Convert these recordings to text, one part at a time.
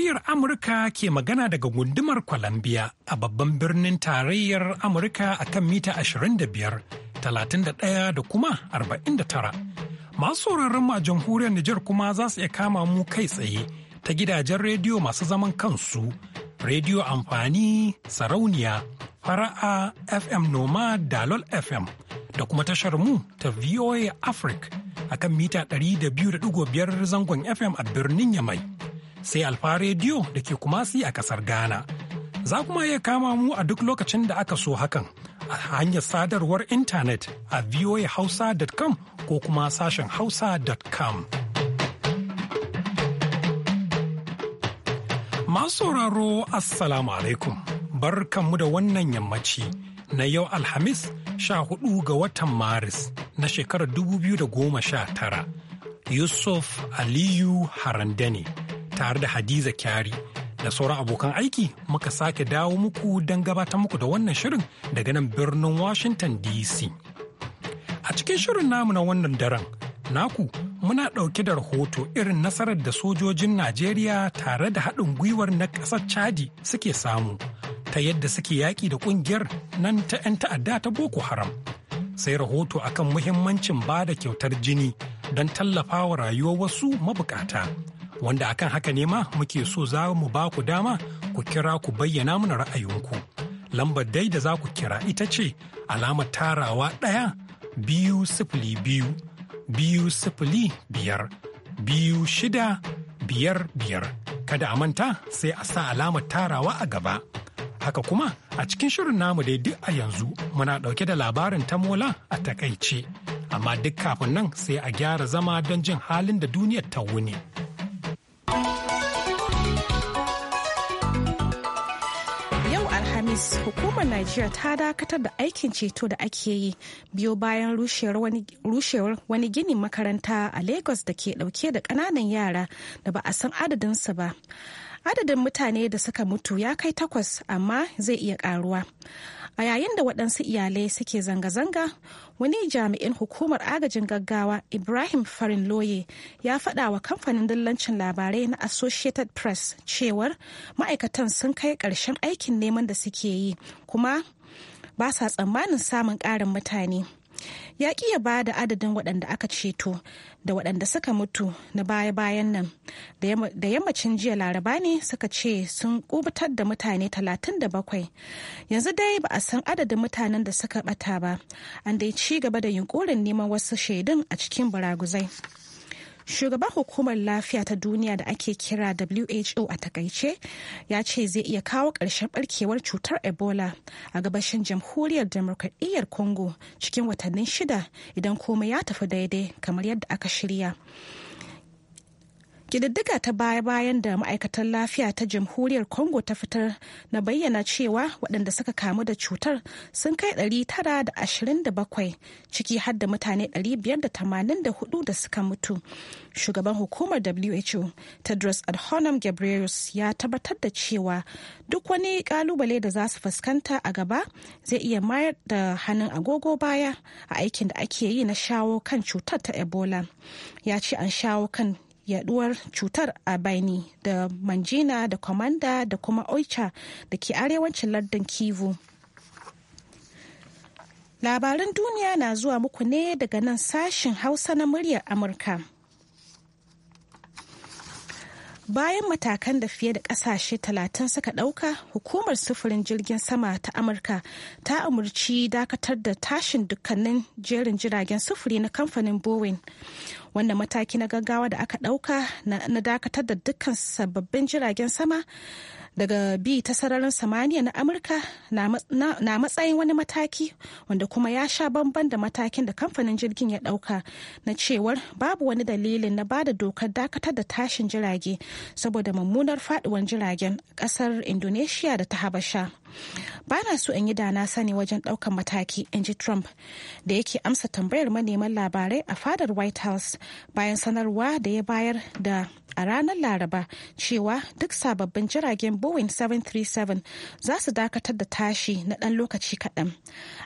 muryar Amurka ke magana daga gundumar kwalambiya a babban birnin tarayyar Amurka a kan mita 25, 31 da kuma 49. Masu sauraron ma jamhuriyar Nijar kuma za su iya kama mu kai tsaye ta gidajen rediyo masu zaman kansu, rediyo amfani, sarauniya, fara'a FM Noma Dalol FM da kuma tashar mu ta VOA Africa a kan mita 200.5 zangon FM a birnin Yamai. sai Alfa Rediyo da ke Kumasi a kasar Ghana. Za kuma iya kama mu a duk lokacin da aka so hakan a hanyar sadarwar intanet a voahausa.com ko kuma sashen hausa.com. Masu sauraro Assalamu alaikum, bar kanmu da wannan yammaci na yau Alhamis sha 14 ga watan Maris na shekarar 2019 Yusuf Aliyu Harandani. tare da Hadiza Kyari da sauran abokan aiki muka sake dawo muku don gabatar muku da wannan shirin daga nan birnin Washington DC. A cikin shirin namu na wannan daren, naku muna ɗauke da rahoto irin nasarar da sojojin Najeriya tare da haɗin gwiwar na ƙasar Chadi suke samu ta yadda suke yaƙi da ƙungiyar nan ta 'yan ta'adda ta Boko Haram. Sai rahoto akan muhimmancin ba da kyautar jini don tallafawa rayuwar wasu mabukata. wanda akan haka ne ma muke so za mu ba ku dama ku kira ku bayyana mana ra'ayinku. Lambar dai da za ku kira ita ce alamar tarawa ɗaya biyu sifili biyu biyu sifili biyar biyu shida biyar biyar. Kada a manta sai a sa alamar tarawa a gaba. Haka kuma a cikin shirin namu dai duk a yanzu muna ɗauke da labarin ta Mola a takaice. Amma duk kafin nan sai a gyara zama don jin halin da duniyar ta wuni. hukumar Najeriya ta dakatar da aikin ceto da ake yi biyo bayan rushewar wani ginin makaranta a Lagos da ke dauke da kananan yara da ba a san adadinsa ba. adadin mutane da suka mutu ya kai takwas amma zai iya karuwa a yayin da waɗansu iyalai suke zanga-zanga wani jami'in hukumar agajin gaggawa ibrahim farin loye ya faɗa wa kamfanin dillancin labarai na associated press cewar ma'aikatan sun kai ƙarshen aikin neman da suke yi kuma ba sa tsammanin samun ƙarin mutane ya ƙiya ya ba da adadin waɗanda aka ceto da waɗanda suka mutu na baya-bayan nan da yammacin jiya laraba ne suka ce sun kubutar da mutane 37 yanzu dai ba a san adadin mutanen da suka ɓata ba an dai ci gaba da yunkurin neman wasu shaidun a cikin baraguzai. shugaban hukumar lafiya ta duniya da ake kira who a takaice ya ce zai iya kawo ƙarshen barkewar cutar ebola a gabashin jamhuriyar demokradiyyar congo cikin watannin shida idan komai ya tafi daidai kamar yadda aka shirya Ƙididdiga ta baya-bayan da ma'aikatar lafiya ta jamhuriyar Congo ta fitar na bayyana cewa waɗanda suka kamu da cutar sun kai 927 ciki har da mutane 584 da suka mutu. Shugaban hukumar WHO Tedros Adhanom Ghebreyesus ya tabbatar da cewa duk wani kalubale da za su fuskanta a gaba zai iya mayar da hannun agogo baya a aikin da ake yi na shawo kan cutar ta Ebola. Ya ce an shawo kan yaduwar cutar a Baini da Manjina da Kwamanda da kuma Oicha da ke arewacin lardin Kivu. Labaran duniya na zuwa muku ne daga nan sashen Hausa na muryar Amurka. bayan matakan da fiye da kasashe 30 suka dauka hukumar sufurin jirgin sama ta amurka ta amurci dakatar da tashin dukkanin jerin jiragen sufuri na kamfanin boeing Wannan mataki na gaggawa da aka ɗauka na dakatar da dukkan sababbin jiragen sama daga bi ta sararin samaniya na Amurka na matsayin wani mataki wanda kuma ya sha bamban da matakin da kamfanin jirgin ya ɗauka na cewar babu wani dalilin na bada dokar dakatar da tashin jirage saboda mummunar faduwar jiragen ƙasar Indonesia da ta Habasha. ba na so in yi da na sani wajen ɗaukan mataki in ji trump da yake amsa tambayar maneman labarai a fadar white house bayan sanarwa da ya bayar da a ranar laraba cewa duk sababbin jiragen boeing 737 za su dakatar da tashi na ɗan lokaci kaɗan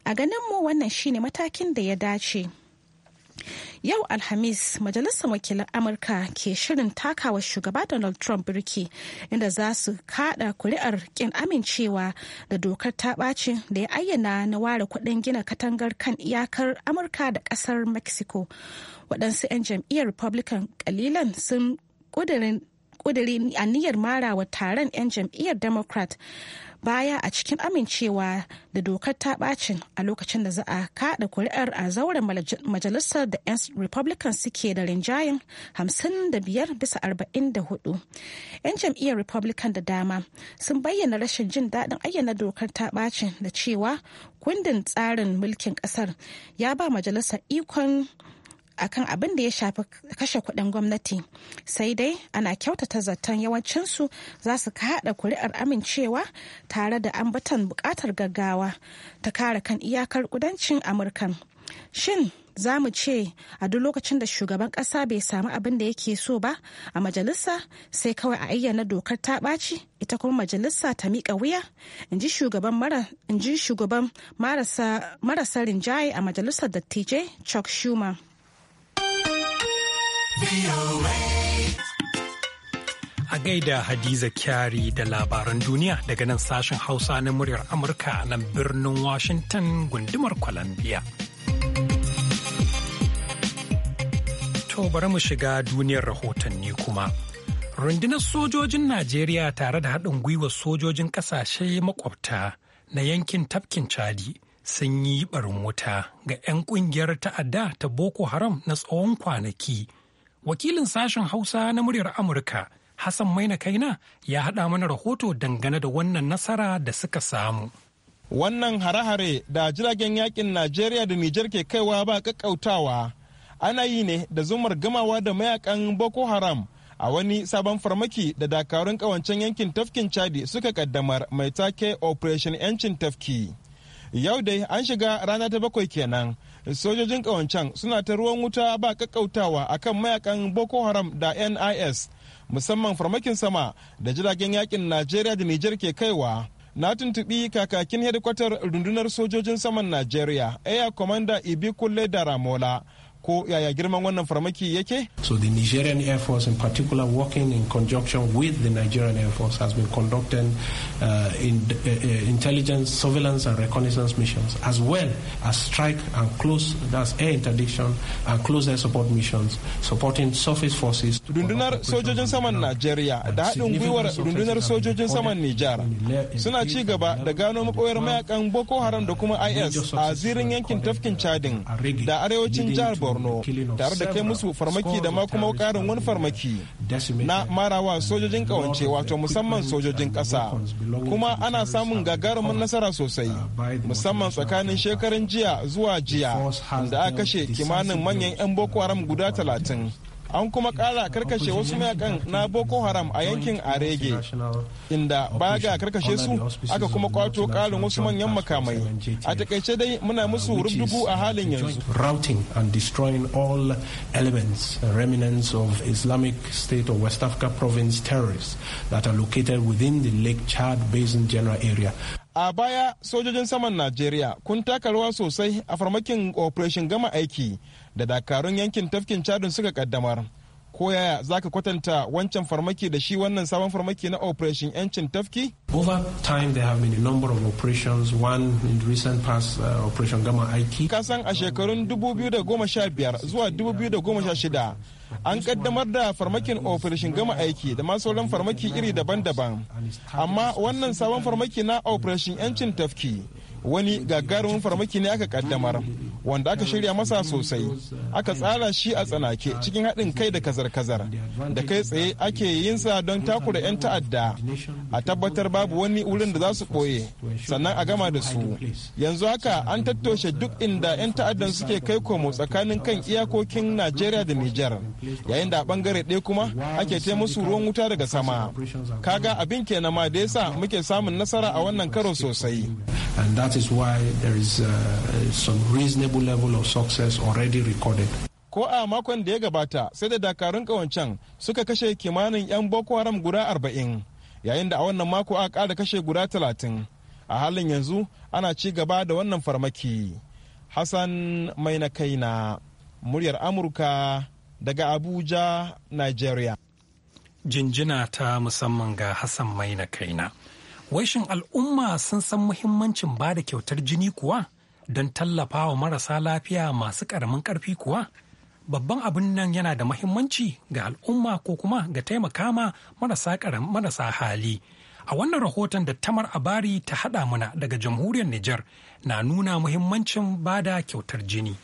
a ganin mu wannan shine matakin da ya dace. Yau Alhamis, Majalisar Wakilan Amurka ke shirin takawa shugaba Donald Trump birki inda za su kada kuri'ar kin amincewa da dokar ta ɓaci da ya ayyana na ware kuɗin gina katangar kan iyakar Amurka da ƙasar Mexico. Waɗansu 'yan jam'iyyar Republican kalilan sun ƙudurin a niyyar marawa taron 'yan jam'iyyar Democrat baya a cikin amincewa da dokar ta bacin a lokacin da za a kada kuri'ar a zauren majalisar da 'yan republican suke da rinjayen 55 bisa 44 'yan jam'iyyar republican da dama sun bayyana rashin jin daɗin ayyana dokar ta bacin da cewa kundin tsarin mulkin ƙasar ya ba majalisar ikon akan abin da ya shafi kashe kuɗin gwamnati sai dai ana kyautata zaton yawancinsu za su haɗa kuri'ar amincewa tare da ambatan buƙatar gaggawa ta kare kan iyakar kudancin amurkan shin za mu ce a duk lokacin da shugaban ƙasa bai samu abin da yake so ba a majalisa sai kawai a ayyana dokar ta ɓaci ita kuma majalisa ta miƙa wuya in ji shugaban marasa rinjaye a majalisar dattijai chuck schumer A gaida Hadiza Kyari da labaran duniya daga nan sashen Hausa na muryar Amurka a nan birnin Washington gundumar Columbia. To bari mu shiga duniyar rahotanni kuma. Rundunar sojojin Najeriya tare da haɗin gwiwar sojojin ƙasashe makwabta na yankin tafkin Chadi sun yi barin wuta ga 'yan ƙungiyar ta'adda ta Boko Haram na tsawon kwanaki. wakilin sashen hausa na muryar amurka hassan maina kaina ya haɗa mana rahoto dangane da wannan nasara da suka samu wannan hare-hare da jiragen yakin najeriya da nijar ke kaiwa ba kakkautawa ana yi ne da zumar gamawa da mayakan boko haram a wani sabon farmaki da dakarun kawancen yankin tafkin chadi suka kaddamar mai take operation yancin tafki yau dai an shiga rana ta bakwai kenan sojojin ƙawancen suna ta ruwan wuta ba kakkautawa akan mayakan boko haram da nis musamman farmakin sama da jiragen yakin najeriya da niger ke kaiwa na tuntubi kakakin hedikwatar rundunar sojojin saman najeriya air commander ibi kulle da ramola ko yaya girman wannan farmaki yake so the nigerian air force in particular working in conjunction with the nigerian air force has been conducting uh, in, uh, uh intelligence surveillance and reconnaissance missions as well as strike and close that's air interdiction and close air support missions supporting surface forces dundunar sojojin saman nigeria da haɗin gwiwar dundunar sojojin saman nijar suna ci gaba da gano makoyar mayakan boko haram da kuma is a zirin yankin tafkin chadin da arewacin jihar borno tare da kai musu farmaki da ma kuma karin wani farmaki na marawa sojojin kawance wato musamman sojojin kasa kuma ana samun gagarumin nasara sosai uh, musamman tsakanin shekarun jiya zuwa jiya da aka kashe kimanin manyan 'yan boko haram guda talatin an kuma kara karkashe wasu mayakan na boko haram a yankin arege inda baya ga karkashe su aka kuma kwato karin wasu manyan makamai a takaice dai muna musu rubdugu a halin yanzu routing and destroying all elements remnants of islamic state of west africa province terrorists that are located within the lake chad basin general area a baya sojojin saman najeriya kun taka rawa sosai a farmakin operation gama aiki da dakarun yankin tafkin chadun suka kaddamar ko yaya za ka kwatanta wancan farmaki da shi wannan sabon farmaki na operation yancin tafki? over time there have been a number of operations one in the recent past uh, operation gama aiki kasan a shekarun 2015 zuwa 2016 an kaddamar da farmakin operation gama aiki da ma sauran farmaki iri daban-daban amma wannan sabon farmaki na operation yancin tafki wani gagarumin farmaki ne aka kaddamar wanda aka shirya masa sosai aka tsara shi a tsanake cikin haɗin kai da kazar-kazar da kai tsaye ake yinsa don takura 'yan ta'adda a tabbatar babu wani wurin da za su ɓoye sannan a gama da su yanzu haka an tattoshe duk inda 'yan ta'addan suke kai komo tsakanin kan iyakokin najeriya da nijar yayin da a bangare ɗaya kuma ake ce musu ruwan wuta daga sama kaga abin kenan ma da yasa muke samun nasara a wannan karo sosai is why there is uh, some reasonable level of success already recorded. Ko a makon da ya gabata sai da dakarun kawancan suka kashe kimanin 'yan Boko Haram guda arba'in yayin da a wannan mako aka ƙara kashe guda talatin a halin yanzu ana ci gaba da wannan farmaki. Hassan mai na kaina muryar Amurka daga Abuja, Nigeria. Jinjina ta musamman ga Hassan mai na kaina. shin al'umma sun san muhimmancin ba da kyautar jini kuwa don tallafa wa marasa lafiya masu ƙaramin ƙarfi kuwa? Babban abin nan yana da muhimmanci ga al'umma ko kuma ga taimaka ma marasa marasa hali. A wannan rahoton da Tamar Abari ta haɗa mana daga jamhuriyar Nijar na nuna muhimmancin ba da kyautar jini.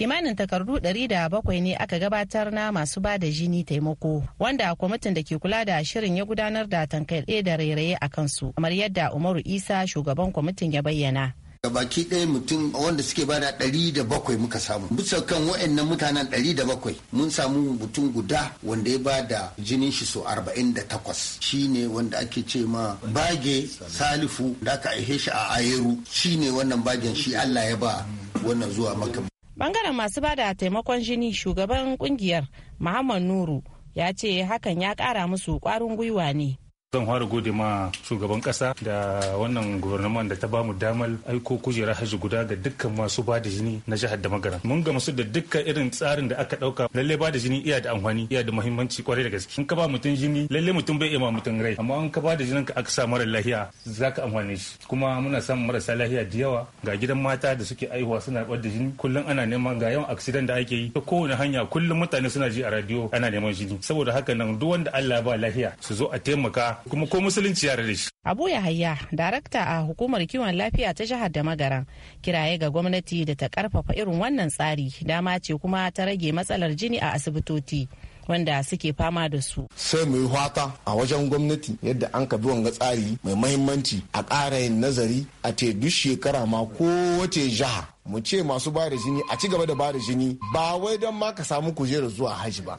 kimanin takardu 700 ne aka gabatar na masu ba da jini taimako wanda kwamitin da ke kula da shirin ya gudanar da tankaɗe da rairaye a kansu kamar yadda umaru isa shugaban kwamitin ya bayyana baki ɗaya mutum wanda suke bada ɗari da bakwai muka samu bisa kan wa'annan mutanen ɗari da bakwai mun samu mutum guda wanda ya bada jinin shi so arba'in da takwas shine wanda ake ce ma bage salifu da aka aihe shi a ayeru shi ne wannan bagen shi allah ya ba wannan zuwa maka bangaren masu bada taimakon jini shugaban kungiyar muhammad nuru ya ce hakan ya kara musu kwarin gwiwa ne zan fara gode ma shugaban kasa da wannan gwamnatin da ta bamu damar aiko kujerar hajji guda ga dukkan masu ba da jini na jihar da magana mun ga masu da dukkan irin tsarin da aka dauka lalle ba da jini iya da amfani iya da muhimmanci kwarai da gaske in ka ba mutum jini lalle mutum bai iya mutum rai amma in ka ba da jinin ka aka sa mara lahiya zaka amfane shi kuma muna samun marasa lahiya da yawa ga gidan mata da suke aihuwa suna bar da jini kullum ana neman ga yawan accident da ake yi ta kowane hanya kullum mutane suna ji a radio ana neman jini saboda haka nan duk wanda Allah ba lahiya su zo a taimaka kuma ko musulunci ya da Abu Abu Yahaya, darakta a hukumar kiwon lafiya ta jihar da magara kiraye ga gwamnati da ta karfafa irin wannan tsari dama ce kuma ta rage matsalar jini a asibitoci. wanda suke fama da su. Sai mu yi hwata a wajen gwamnati yadda an ka bi wanga tsari mai mahimmanci a ƙara yin nazari a te duk shekara ma ko wace jiha mu ce masu bada jini a ci gaba da bada jini ba wai don ma ka samu kujerar zuwa hajji ba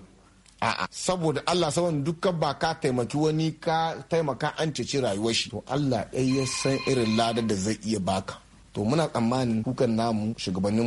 a'a saboda Allah saboda dukkan ba ka taimaki wani ka taimaka an ceci rayuwar shi to Allah ɗaya ya san irin ladar da zai iya baka to muna tsammanin kukan namu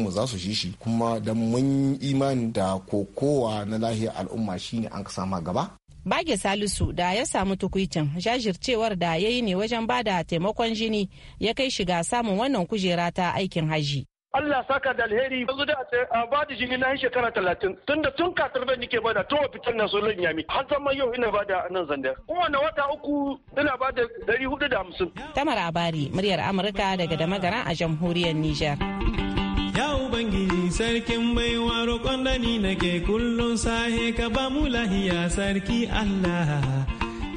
mu za su shi shi kuma da mun imani da kokowa na lahiyar al'umma shine an kasama gaba Bage Salisu da ya samu tukuicin jajircewar da ya yi ne wajen bada taimakon jini ya kai shiga samun wannan kujera ta aikin haji. Allah saka da alheri yanzu da a ba da jini na shekara talatin tunda tun katar ban nike bada tun fitar na solon yami har zama yau ina ba da nan zanda kowane wata uku ina ba da dari hudu da hamsin. Tamar Abari muryar Amurka daga Damagara a jamhuriyar Nijar. Ya Ubangiji sarkin baiwa roƙon da ni nake kullum sahe ka ba mu lahiya sarki Allah.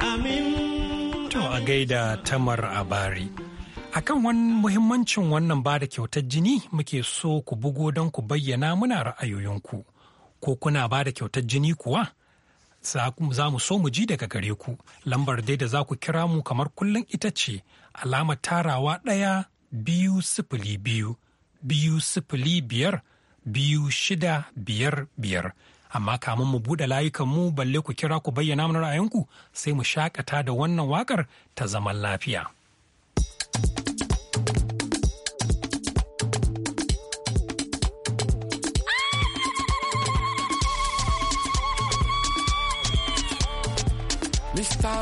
Amin. To a gaida Tamar Abari. akan wani muhimmancin wannan ba da kyautar jini muke so ku bugo don ku bayyana muna ra'ayoyinku ko kuna ba da kyautar jini kuwa za mu so mu ji daga gare ku lambar dai da za ku kira mu kamar kullum ita ce alama tarawa ɗaya biyu sifili biyu biyu sifili biyar biyu shida biyar biyar amma kamun mu buɗe layukanmu, mu balle ku kira ku bayyana mana ra'ayinku sai mu shaƙata da wannan waƙar ta zaman lafiya. tá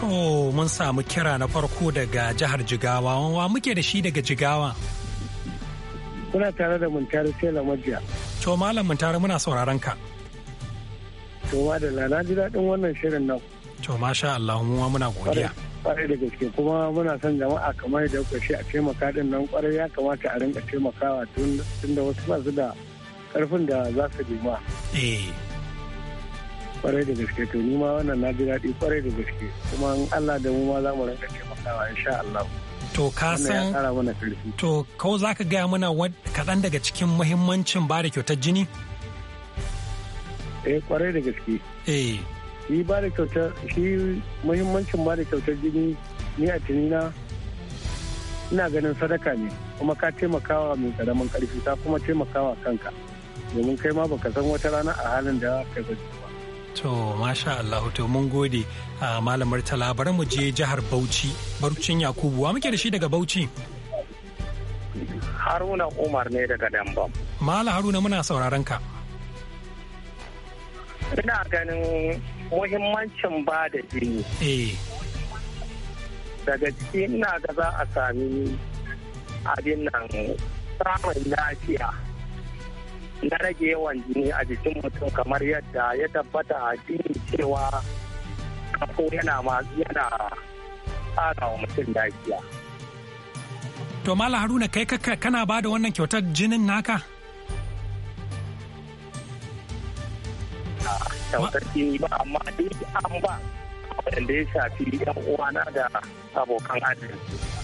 To mun samu kira na farko daga jihar Jigawa, wa muke da shi daga Jigawa? Muna tare da Muntari Sela Majiya. To Malam Muntari muna sauraron ka. To ma da na ji daɗin wannan shirin nan. To masha Allah mu muna godiya. Kwarai da gaske kuma muna son jama'a kamar da kuka a taimaka din nan kwarai ya kamata a rinka taimakawa tun da wasu ba su da karfin da za su nema. Eh. kwarai da gaske to ni ma wannan na ji daɗi kwarai da gaske kuma in Allah da mu ma za mu rinka taimakawa insha Allah to ka san to ko za ka gaya mana kaɗan daga cikin muhimmancin ba da kyautar jini eh kwarai da gaske eh ni ba da kyautar shi muhimmancin ba da kyautar jini ni a tunina ina ganin sadaka ne kuma ka taimakawa mai karamin karfi ta kuma taimakawa kanka domin kai ma baka san wata rana a halin da ka gaji ba To masha Allah to mun gode a malamar tala bari mu je jihar Bauchi Barucin Yakubu wa muke da shi daga Bauchi Haruna Umar ne daga Dambam Mala Haruna muna sauraron ka Ina ganin muhimmancin ba da jini eh daga cikin na ga za a sami abin nan samun lafiya na rage yawan jini a jikin mutum kamar yadda ya tabbata a jini cewa kafo yana yana ƙara wa mutum lafiya. To mala Haruna kai kana ba da wannan kyautar jinin naka? Ah, kyautar jini ba amma duk an ba wanda ya shafi 'yan uwana da abokan arziki.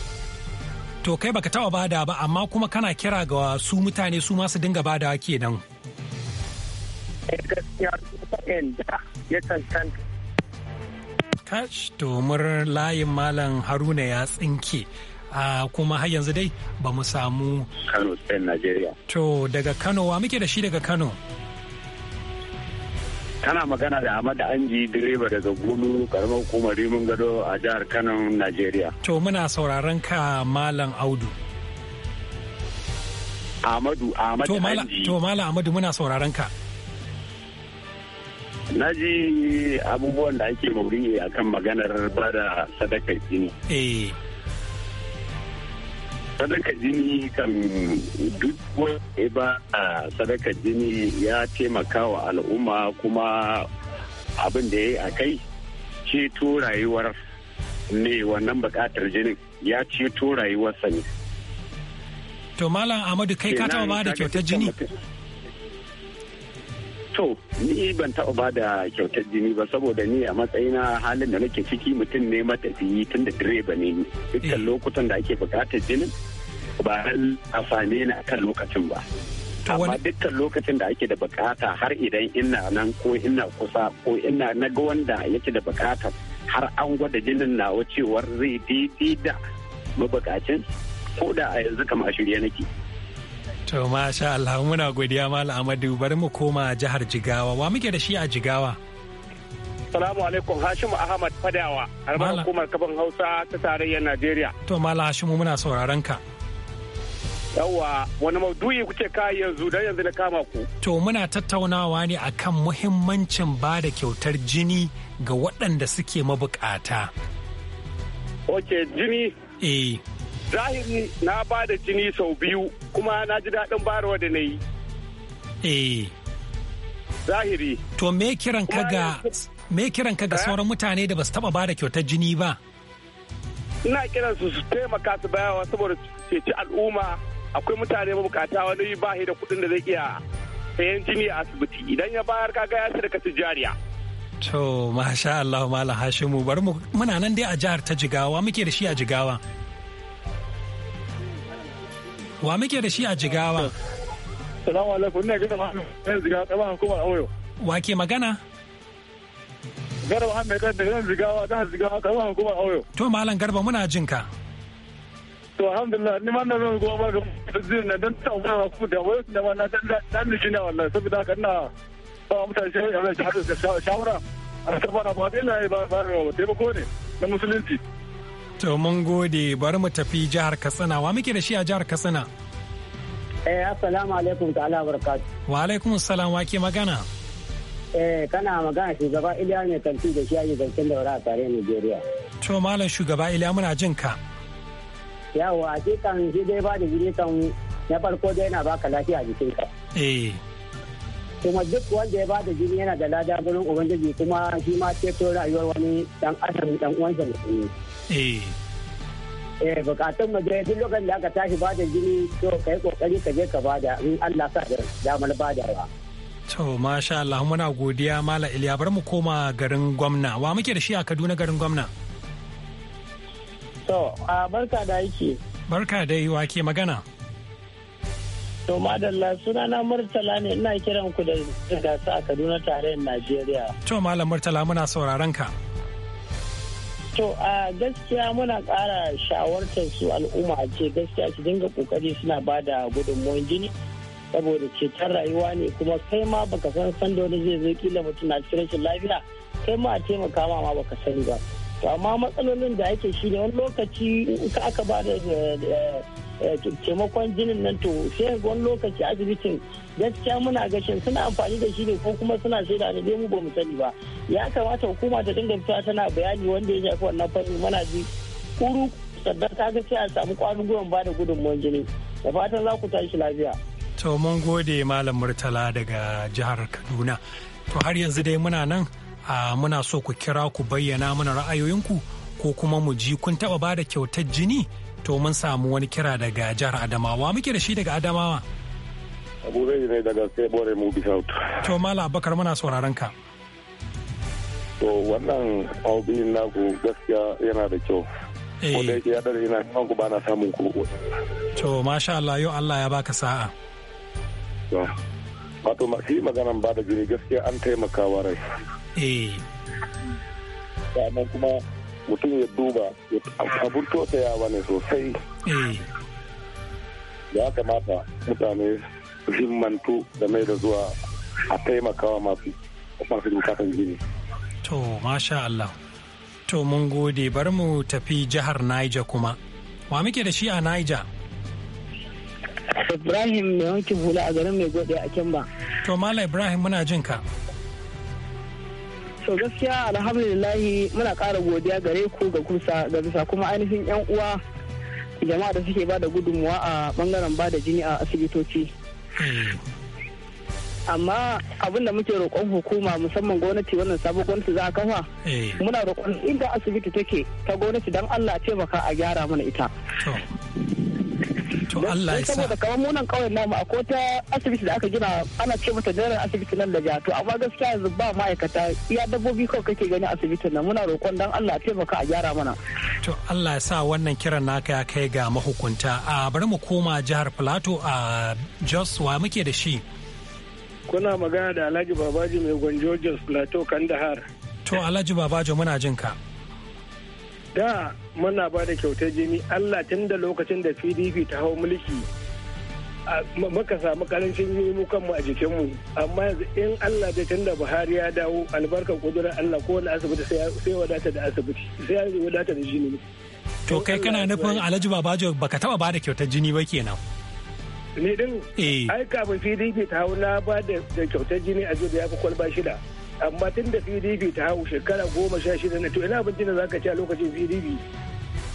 to kai baka taba bada ba amma kuma kana kira ga su mutane su masu dinga badawa kenan eh, gaskiya waɗanda ya cancanta layin malam haruna ya tsinke a kuma har yanzu dai ba mu samu kano spain nigeria. to daga kano wa muke da shi daga kano kana magana da Ahmad Anji direba daga Gulu karamar hukumar Rimin Gado a jihar Kano Najeriya. To muna sauraron ka Malam Audu. Ahmadu Ahmad Anji. To Malam Ahmadu muna sauraron ka. Na ji abubuwan da ake mauriye akan maganar bada sadaka ne. Eh. sadaka jini kan duk wani ba a sadaka jini ya taimaka wa al'umma kuma abin da ya yi a kai ceto rayuwar ne wannan bukatar jini ya ceto rayuwarsa ne. To Malam Amadu kai ka taba ba da kyautar jini? To, ni ban taɓa ba da kyautar jini ba saboda ni a matsayina halin da nake ciki mutum ne matafiyi tun da direba ne dukkan eh. lokutan da ake buƙatar jinin ba a same ni kan lokacin ba. amma dukkan lokacin da ake da bukata har idan ina nan ko ina kusa ko ina na ga wanda yake da bukata har an gwada jinin na wacewar zai daidai da mabukacin ko da a yanzu kama shirye nake. To masha Allah muna godiya Malam Amadu bari mu koma jihar Jigawa wa muke da shi a Jigawa. Salamu alaikum Hashim Ahmad Fadawa harbar hukumar kafin Hausa ta tarayyar Najeriya. To Malam Hashimu muna sauraron ka. Yawwa wani maudu'i kuke kai yanzu dan yanzu na kama ku. To muna tattaunawa ne akan muhimmancin ba da kyautar jini ga waɗanda suke mabukata. Oke jini. Eh. zahiri na ba da jini sau biyu kuma na ji daɗin barawa da na yi eh zahiri to me kiran ka ga me kiran ka ga eh? sauran mutane da ba su taba ba da kyautar jini ba ina kiran su su taimaka su bayawa saboda ceci al'umma akwai mutane mabukata wani ba da kuɗin da zai iya sayan jini a asibiti idan ya bayar ka ga ya daga tijariya to masha Allah malam Hashimu bari mu muna nan dai a jihar ta Jigawa muke da shi a Jigawa Wa muke da shi a Jigawa? Salamu alaikum, ina gina ma'amu, ina Jigawa, tsaba hukumar oyo Wa ke magana? Garba Ahmed da ina zigawa ta Jigawa, hukumar oyo To Malam Garba muna jin ka. To alhamdulillah ni ma na zan goma ga zin na dan ba ku da wai da na dan dan ni jina wallahi saboda haka ina ba mutane a shawara a tabbata ba dai na ba ba taimako ne na musulunci. To mun gode bari mu tafi jihar Katsina. Wa muke da shi a jihar Katsina? Eh assalamu alaikum Allah barkatu. Wa alaikum assalam wa ke magana? Eh kana magana shugaba Iliya ne kanti da shi ake zancen daura a tare Nigeria. To malam shugaba Iliya muna jin ka. Yawa a kan shi dai ba da gire kan na farko dai yana baka lafiya a ka. Eh. kuma duk wanda ya bada jini yana da lada gurin ubangiji kuma shi ma ceto rayuwar wani dan adam dan uwansa musulmi Eh. eh bukatun mu dai duk lokacin da aka tashi bada jini to kai kokari ka je ka bada in Allah sa da damar badawa to masha Allah muna godiya mala Iliya bar mu koma garin gwamna wa muke da shi a Kaduna garin gwamna to a barka da yake barka da yi wake magana to madalla na murtala ne ina kiran ku da gasa a Kaduna tarayyar Najeriya to malam murtala muna sauraron ka To a gaskiya muna kara shawartar su al'umma a ce gaskiya su dinga kokari suna ba da gudunmuwan jini saboda ceton rayuwa ne kuma kai ma baka san sanda wani zai zo kila mutum na cikin rashin lafiya kai ma a taimaka ma ma baka sani ba. To amma matsalolin da ake shi ne wani lokaci in aka ba da Eh, taimakon jinin nan to sai wani lokaci asibitin gaskiya muna gashin suna amfani da shi ne ko kuma suna saida da dai mu ba mu sani ba ya kamata hukuma ta dinga fita tana bayani wanda ya shafi wannan fannin muna ji kuru sannan ga sai a samu kwarin gwiwan ba da gudunmuwan jini da fatan za ku tashi lafiya. to mun gode malam murtala daga jihar kaduna to har yanzu dai muna nan a muna so ku kira ku bayyana mana ra'ayoyinku ko kuma mu ji kun taɓa bada kyautar jini to mun samu wani kira daga jihar adamawa muke da shi daga adamawa abubuwan ne daga sai bore mu sautu. to mala Abubakar muna sauraron ka to wannan abubuwan naku gaskiya yana da kyau Eh. da yake ya dare yana kan ku bana samun ku to masha Allah yau Allah ya baka sa'a wato shi maganan ba da jini gaskiya an taimaka wa rai eh sannan kuma mutum ya duba abun yawa ne sosai eh. ya kamata mutane himmantu da mai da zuwa a taimakawa masu masu bukatan gini to masha Allah to mun gode bar mu tafi jihar Niger kuma wa muke da shi a Niger Ibrahim mai wankin hula a garin mai gode a Kemba. To Mala Ibrahim muna jin ka. so gaskiya alhamdulillahi muna kara godiya gare ku ga kusa ga bisa kuma ainihin yan uwa jama'a da suke ba da gudunmuwa a bangaren ba da jini a asibitoci amma abin da muke roƙon hukuma musamman gwamnati wannan sabo gwamnati za a kafa eh. muna roƙon inda asibiti take ta gwamnati don allah ce taimaka a gyara mana ita to Allah ya sa saboda kamar munan kauyen namu akwai ta asibiti da aka gina ana ce mata daren asibiti nan da ja to amma gaskiya yanzu ba ma'aikata iya dabbobi kawai kake gani asibitin nan muna roƙon dan Allah taimaka a gyara mana to Allah ya sa wannan kiran naka ya kai ga mahukunta a bari mu koma jihar Plateau a Jos wa muke da shi kuna magana da Alhaji Babaji mai gwanjo Jos Plateau Kandahar to Alhaji Babaji muna jin ka da muna ba da kyautar jini allah tun da lokacin da pdp ta hau mulki muka samu karancin mu kanmu a jikinmu amma yanzu in allah da tun da buhari ya dawo albarkar kudurar allah wani asibiti sai wadata da asibiti sai wadata da jini to kai kana nufin alhaji babajo baka taba ba da kyautar jini ba kenan ne din eh. ai kafin pdp ta hau na ba da kyautar jini a da ya fi kwalba shida amma tun da pdp ta hau shekara goma sha shida na to ina abinci da za ka ci a lokacin pdp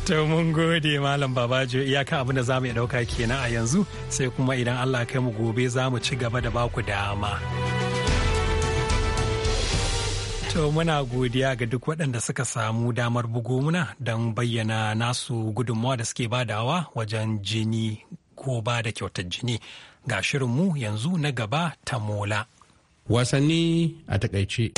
to mun gode malam babajo iyaka abin da za mu iya ɗauka kenan a yanzu sai kuma idan allah kai mu gobe za mu ci gaba da baku dama. To muna godiya ga duk waɗanda suka samu damar bugu muna don bayyana nasu gudunmawa da suke badawa wajen jini ko ba da kyautar jini. Ga shirinmu yanzu na gaba ta mola. wasanni a takaice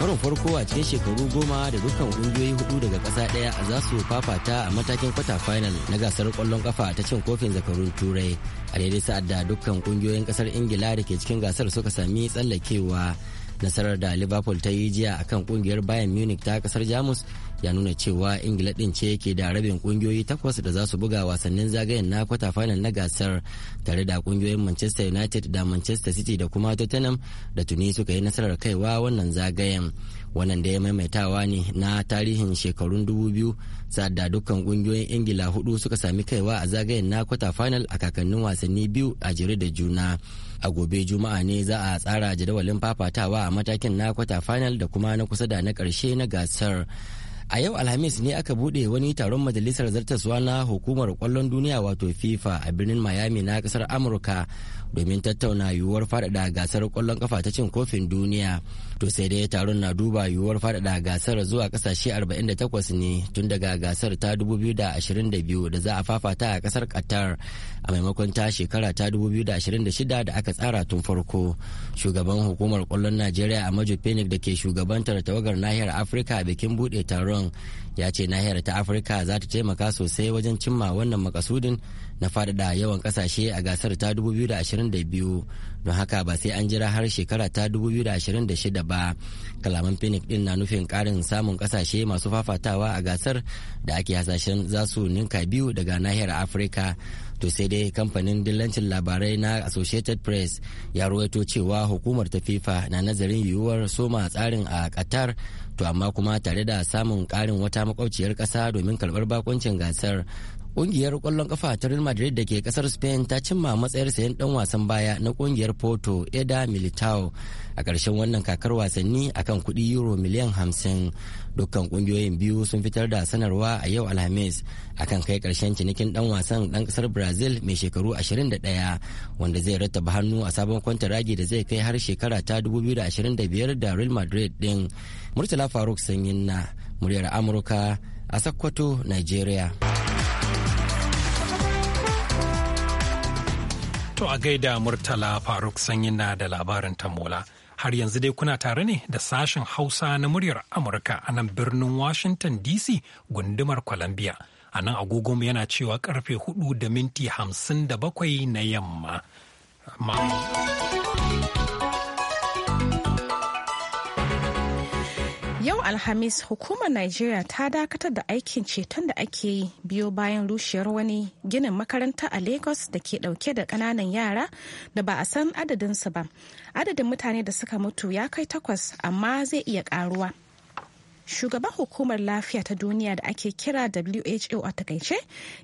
karon farko a cikin shekaru goma da dukkan ƙungiyoyi hudu daga ƙasa ɗaya za su fafata a matakin kwata final na gasar ƙwallon ƙafa ta cin kofin zakarun turai a daidai sa'ad da dukkan kungiyoyin ƙasar ingila da ke cikin gasar suka sami tsallakewa nasarar da liverpool ta yi jiya akan kungiyar bayern munich ta ƙasar jamus ya nuna cewa ingila din ce ke da rabin kungiyoyi takwas da za su buga wasannin zagayen na kwata final na gasar tare da kungiyoyin manchester united da manchester city da kuma tottenham da tuni suka yi nasarar kaiwa wannan zagayen wannan da ya maimaitawa ne na tarihin shekarun dubu biyu da dukkan kungiyoyin ingila hudu suka sami kaiwa a zagayen na kwata final a kakannin wasanni biyu a jere da juna a gobe juma'a ne za a tsara jadawalin fafatawa a matakin na kwata final da kuma na kusa da na karshe na gasar a yau alhamis ne aka bude wani taron majalisar zartaswa na hukumar kwallon duniya wato fifa a birnin miami na kasar amurka domin tattauna yiwuwar faɗaɗa gasar kwallon kafa ta cin kofin duniya to sai dai taron na duba yiwuwar faɗaɗa gasar zuwa ƙasashe 48 ne tun daga gasar ta 2022 da za a fafata a ƙasar qatar a maimakon ta shekara ta 2026 da aka tsara tun farko shugaban hukumar kwallon najeriya a maju phoenix da ke shugabantar tawagar nahiyar afirka bikin buɗe taron ya ce nahiyar ta afirka za ta taimaka sosai wajen cimma wannan makasudin na faɗaɗa yawan ƙasashe a gasar ta 2022 don haka ba sai an jira har shekara ta 2026 ba ba kalaman phoenix din na nufin karin samun kasashe masu fafatawa a gasar da ake hasashen za su ninka biyu daga nahiyar afirka to sai dai kamfanin dillancin labarai na associated press ya ruwaito cewa hukumar ta fifa na nazarin yiwuwar soma tsarin a qatar to amma kuma tare da samun karin wata makwabciyar kasa domin karbar bakuncin gasar Ƙungiyar kwallon kafa ta Real Madrid da ke kasar Spain ta cimma matsayar sayan dan wasan baya na kungiyar Porto Eda Militao a ƙarshen wannan kakar wasanni akan kuɗi euro miliyan hamsin. Dukkan ƙungiyoyin biyu sun fitar da sanarwa a yau Alhamis akan kai ƙarshen cinikin dan wasan dan kasar Brazil mai shekaru 21 wanda zai rattaba hannu a sabon kwantaragi da zai kai har shekara ta 2025 da Real Madrid din Murtala Faruk Sanyin na muryar Amurka a Sokoto, Nigeria. To a gaida Murtala Faruk sanyi na da labarin tamola. Har yanzu dai kuna tare ne da sashen Hausa na muryar Amurka a nan birnin Washington DC gundumar Columbia. A nan agogonmu yana cewa karfe hudu da minti hamsin da bakwai na yamma. Yau Alhamis hukumar Najeriya ta dakatar da aikin ceton da ake yi biyo bayan rushewar wani ginin makaranta a Lagos da ke dauke da kananan yara da ba a san adadinsu ba. Adadin mutane da suka mutu ya kai takwas amma zai iya karuwa. shugaban hukumar lafiya ta duniya da ake kira who a takaice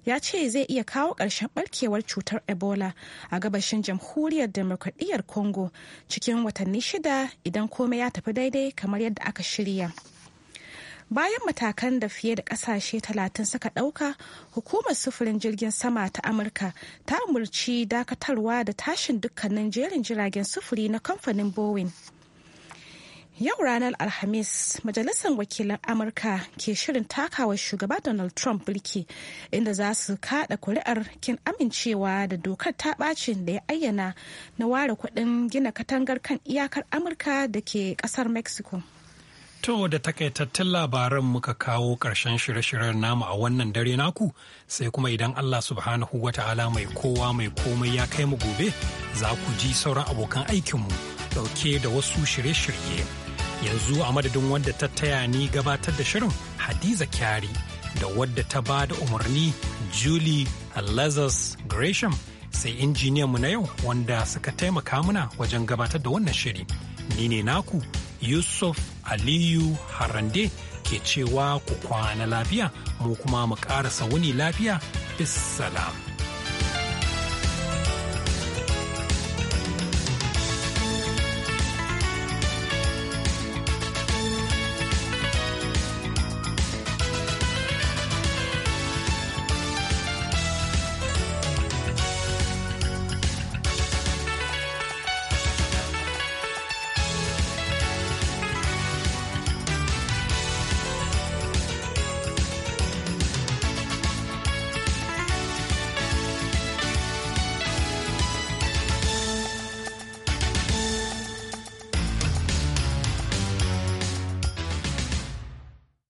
ya ce zai iya kawo ƙarshen ɓarkewar cutar ebola a gabashin jamhuriyar demokradiyyar congo cikin watanni shida idan komai ya tafi daidai kamar yadda aka shirya bayan matakan da fiye da kasashe 30 suka ɗauka hukumar sufurin jirgin sama ta amurka ta amurci dakatarwa da tashin dukkanin jerin jiragen sufuri na kamfanin boeing Yau ranar Alhamis, Majalisar Wakilan Amurka ke shirin takawa shugaba Donald Trump bilki inda za su kada kuri'ar kin amincewa da dokar ta bacin da ya ayyana na ware kuɗin gina katangar kan iyakar Amurka da ke ƙasar Mexico. To da takaitattun labaran muka kawo ƙarshen shirye-shiryen namu a wannan dare naku sai kuma idan Allah subhanahu wata'ala mai kowa mai komai ya kai mu gobe za ku ji sauran abokan aikinmu ɗauke da wasu shirye-shirye. yanzu a madadin wadda ta taya ni gabatar da shirin hadiza kyari da wadda ta ba da umarni julie lazarus gresham sai mu na yau wanda suka taimaka mana wajen gabatar da wannan shiri ni ne naku yusuf aliyu harande ke cewa ku kwana lafiya mu kuma mu ƙara wuni lafiya bis salam